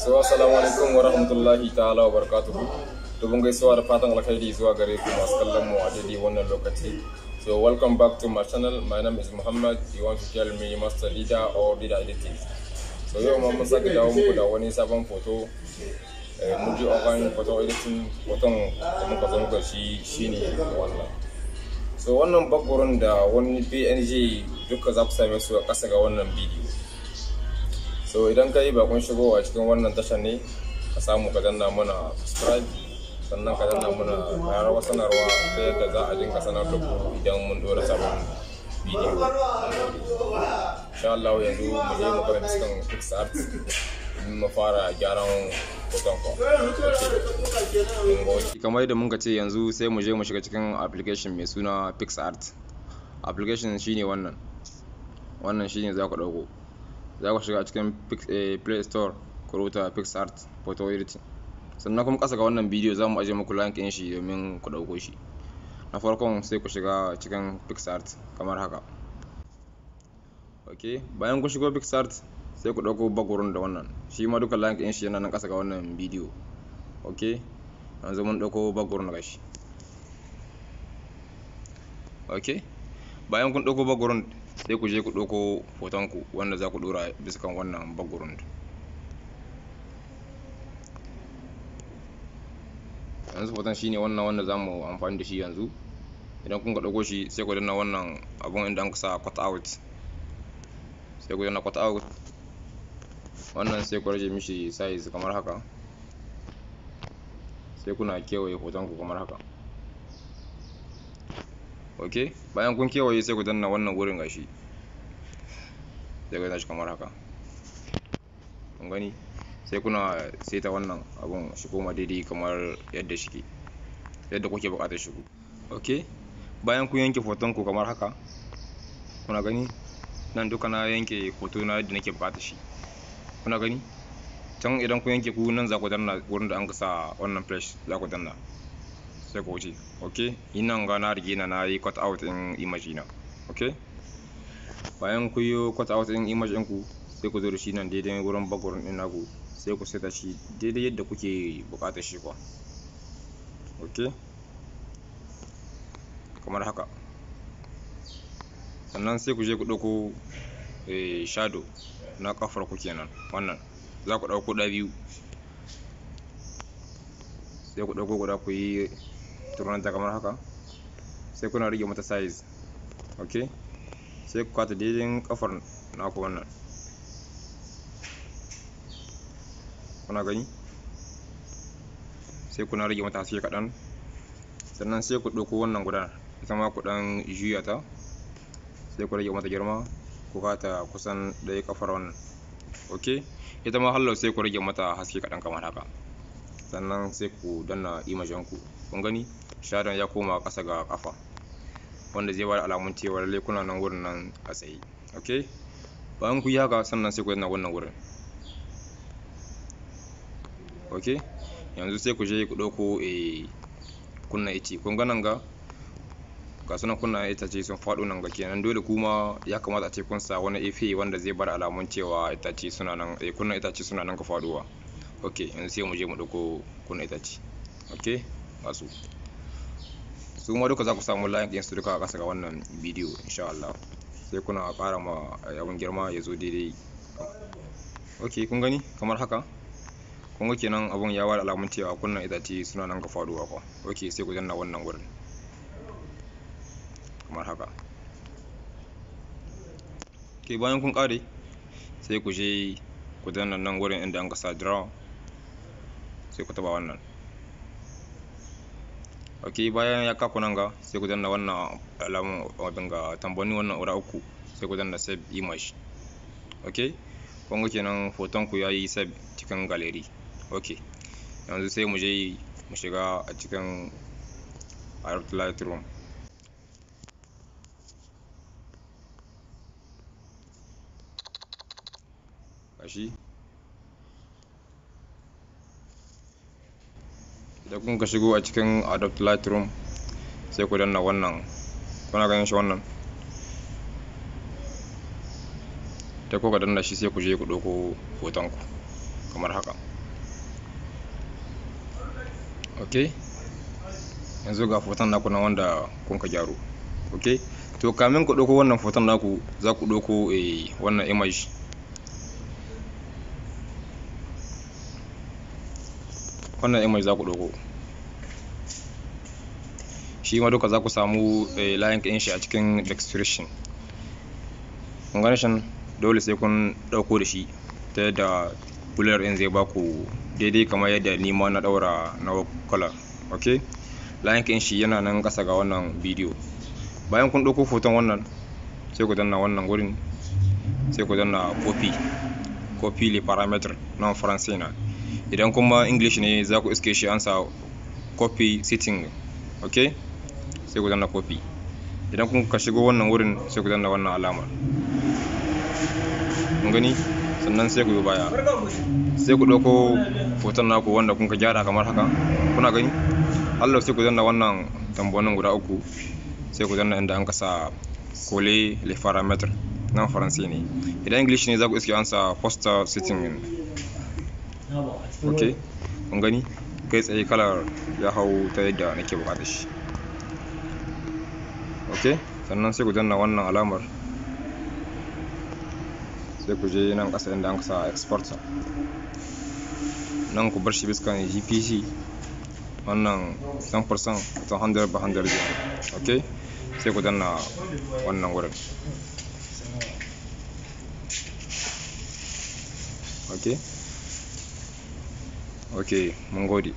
so assalamu alaikum wa rahmatullahi ta'ala wa to dubin gaisuwa da fatan alkhairi zuwa gare ku masu kallon mu a daidai wannan lokaci so welcome back to my channel my name is muhammad you want to tell me master leader or leader editing so yau ma mun saka dawo muku da wani sabon foto eh, mun ji ogan foto editing foton da muka zo muka shi shine wannan so wannan background da wani png duka za ku same su a ƙasa ga wannan bidiyo so idan ka yi bakon shigowa cikin wannan tashar ne ka samu ka danna mana subscribe sannan ka danna mana ƙararrawa sanarwa ta yadda za a dinka sanar da ku idan mun dora sabon bidiyo insha Allah yanzu mu je mu karanta cikin pixart mu fara gyaran kamar yadda ka ce yanzu sai mu je mu shiga cikin application mai suna pixart application shine wannan wannan shine za ku dauko. za ku shiga cikin eh, play store ku rubuta pixart photo editing sannan kuma ƙasa ga wannan bidiyo za mu aje muku link ɗin shi domin ku ɗauko shi na farkon sai ku shiga cikin pixart kamar haka ok bayan ku shigo pixart sai ku ɗauko bagurin da wannan shi ma duka link shi yana nan ƙasa ga wannan bidiyo ok yanzu mun ɗauko bagurin da shi ok bayan kun ɗauko bagurin sai ku je ku ɗauko hotonku wanda za ku ɗora bisa kan wannan background yanzu hoton shine wannan wanda za mu amfani da shi yanzu idan kun ka ɗauko shi sai ku danna wannan abun inda an kusa cut out sai ku danna cut out wannan sai ku rage mishi size kamar haka sai kuna kewaye hoton ku kamar haka ok bayan kun kewaye sai ku danna wannan wurin gashi zai gaza shi kamar haka kun gani sai kuna seta wannan abun shi koma daidai kamar yadda shike yadda kuke bukatar shigo ok bayan kun yanke hoton ku kamar haka kuna gani nan duka na yanke hoto na yadda nake bukatar shi kuna gani can idan kun yanke ku nan za ku danna wurin da an kasa wannan flash za ku danna sai ku wuce ok inan ga na rige na na yi cut out in image na ok bayan ku yi cut out in image ɗinku sai ku zo da shi nan daidai wurin background ɗin naku sai ku saita shi daidai yadda kuke buƙatar shi kuwa ok kamar haka sannan sai ku je ku ɗauko eh, shadow na ƙafar ku kenan wannan za ku ɗauko ɗa biyu sai ku ɗauko guda ku yi turonta kamar haka sai kuna rage mata size ok sai ku kwata daidai kafar naku wannan kuna gani sai kuna rage mata haske kaɗan sannan sai ku ɗauko wannan guda ita ma ku ɗan juya ta sai ku rage mata girma ku kwata kusan ɗaya kafar wannan ok ita ma hallo sai ku rage mata haske kaɗan kamar haka sannan sai ku danna imajen ku kun gani shadon ya koma ƙasa ga kafa wanda zai bada alamun cewa lallai kuna nan wurin nan a tsaye ok bayan ku yi haka sannan sai ku yana wannan wurin ok yanzu sai ku je ku ɗauko a eh, kunna ice kun ga nan ga ga sunan kunna itace sun faɗo nan ga kenan dole kuma ya kamata a ce kun sa wani efe wanda zai bar alamun cewa itace suna nan eh kunna itace suna nan ka faduwa ok yanzu sai mu je mu ɗauko kunna itace ok ga su su ma duka za ku samu layin ɗin su duka a ƙasa ga wannan bidiyo insha Allah sai kuna ƙara ma abin girma ya zo daidai ok kun gani kamar haka kun ga kenan abun ya wada alamun cewa kunnan itace suna nan ga faruwa ko ok sai ku danna wannan wurin kamar haka ok bayan kun kare sai ku je ku danna nan wurin inda an ka sa draw sai ku taba wannan ok bayan ya kaku nan ga sai ku danna wannan alamun abin ga tambani wannan ura uku sai ku danna save image ok kun kenan hoton ku yi save cikin gallery ok yanzu sai mu je mu shiga a cikin lightroom ashi da kun ka shigo a cikin adopt lightroom sai ku danna wannan kuna ganin shi wannan ta kuka danna shi sai ku je ku ɗauko hotonku kamar haka ok yanzu ga hoton naku na wanda kun ka gyaro ok to kamin ku ɗauko wannan hoton naku za ku ɗauko eh, wannan image wannan mai za ku ɗauko shi ma duka za ku samu eh, layin ɗin shi a cikin description kun dole sai kun ɗauko da shi ta yadda bular ɗin zai ba ku daidai kamar yadda nima ma na ɗaura na color ok layin ɗin shi yana nan ƙasa ga wannan bidiyo bayan kun ɗauko foton wannan sai ku danna wannan gurin sai ku danna copy copy le parameter faransai idan kuma english ne za ku iske shi ansa copy sitting ok sai ku zanna copy idan kun ka shigo wannan wurin sai ku zanna wannan alamar kun gani sannan sai ku yi baya sai ku ɗauko hoton naku wanda kun ka gyara kamar haka kuna gani allah sai ku zanna wannan tambonin guda uku sai ku zanna inda an kasa kole le parametre nan faransi ne idan english ne za ku iske ansa poster sitting ok kun gani kai tsaye kalar ya hau ta yadda nake bukata shi ok sannan sai ku janna wannan alamar sai ku je nan kasa inda an kasa export nan ku bar shi biskan gpc wannan 100% ta 100 by 100 ok sai ku danna wannan wurin ok ok mun gode